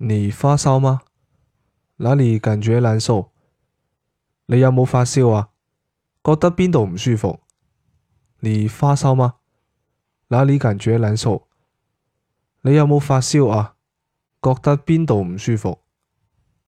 你發燒嗎？哪裏感覺難受？你有冇發燒啊？覺得邊度唔舒服？你發燒嗎？哪裏感覺難受？你有冇發燒啊？覺得邊度唔舒服？